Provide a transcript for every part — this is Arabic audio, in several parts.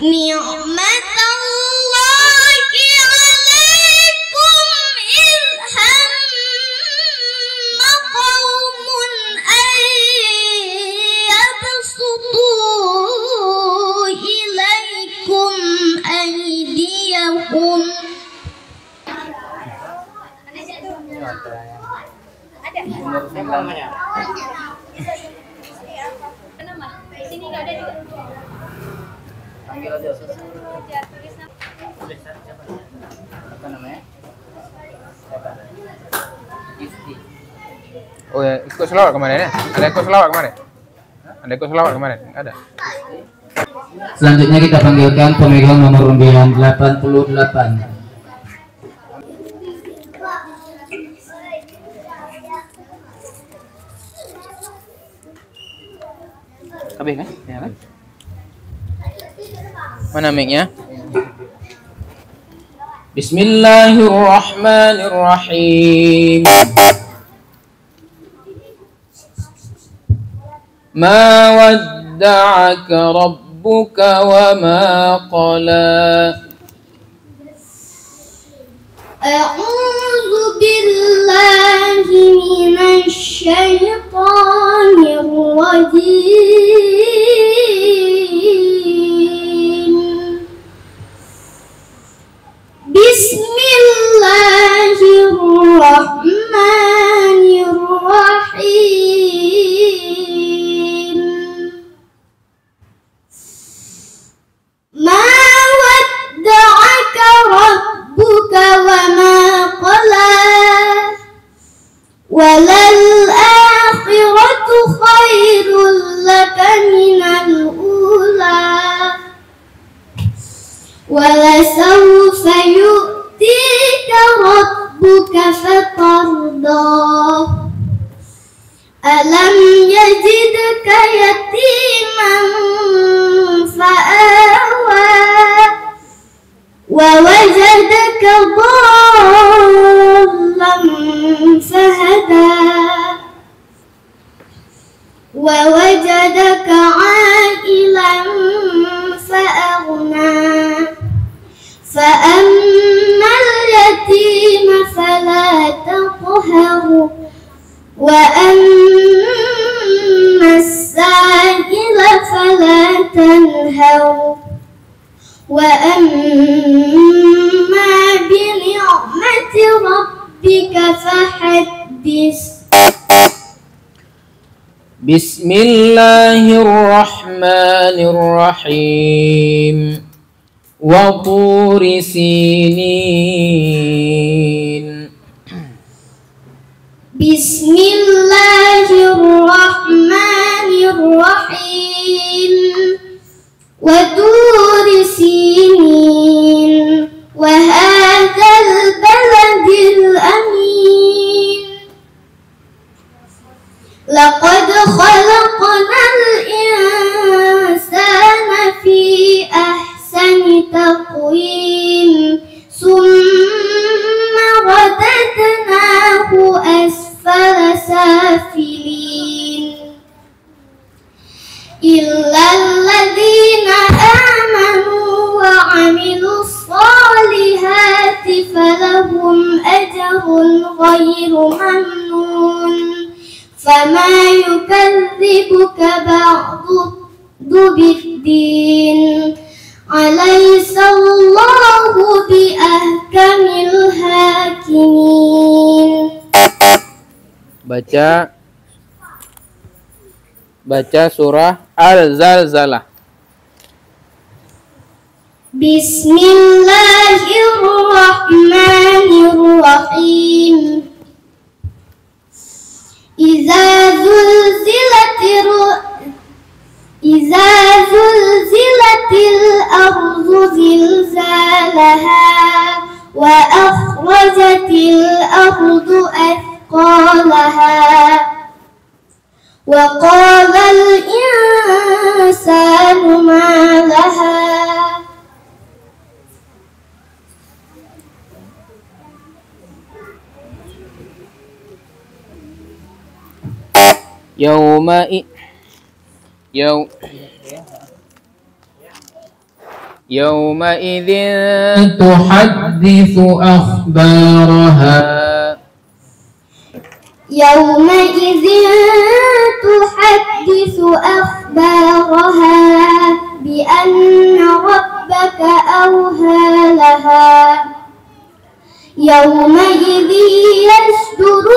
你们都。panggil aja apa namanya Oh ya, ikut selawat kemarin ya? Ada ikut selawat kemarin? Ada ikut selawat kemarin? Ada. Selanjutnya kita panggilkan pemegang nomor undian 88. Habis kan? Menamiknya. Bismillahirrahmanirrahim. Ma wadda'aka rabbuka wa ma qala. A'udzu billahi minasy syaithanir rajim. ولسوف يؤتي وأما السائل فلا تنهر وأما بنعمة ربك فحدث بسم الله الرحمن الرحيم وطور سينين بسم الله الرحمن الرحيم وتوب غير ممنون فما يكذبك بعض بالدين أليس الله بأحكم الحاكمين baca baca surah Al-Zalzalah Bismillahirrahmanirrahim إذا زلزلت إذا زلزلت الأرض زلزالها وأخرجت الأرض أثقالها وقال الإنسان يوم يومئذ تحدث أخبارها يومئذ تحدث أخبارها بأن ربك أوهى لها يومئذ يشدر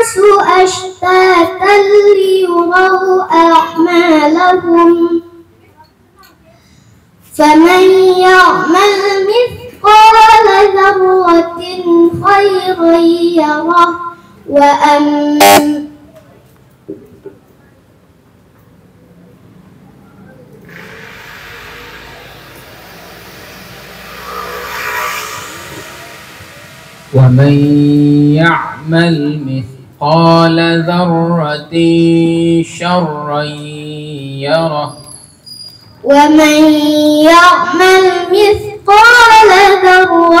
الناس أشتاتا ليروا أعمالهم فمن يعمل مثقال ذرة خيرا يره وأن ومن يعمل مثقال مثقال ذرة شرا يره ومن يعمل مثقال ذرة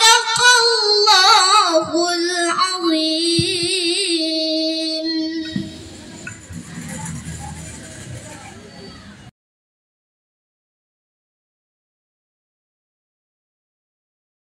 صدق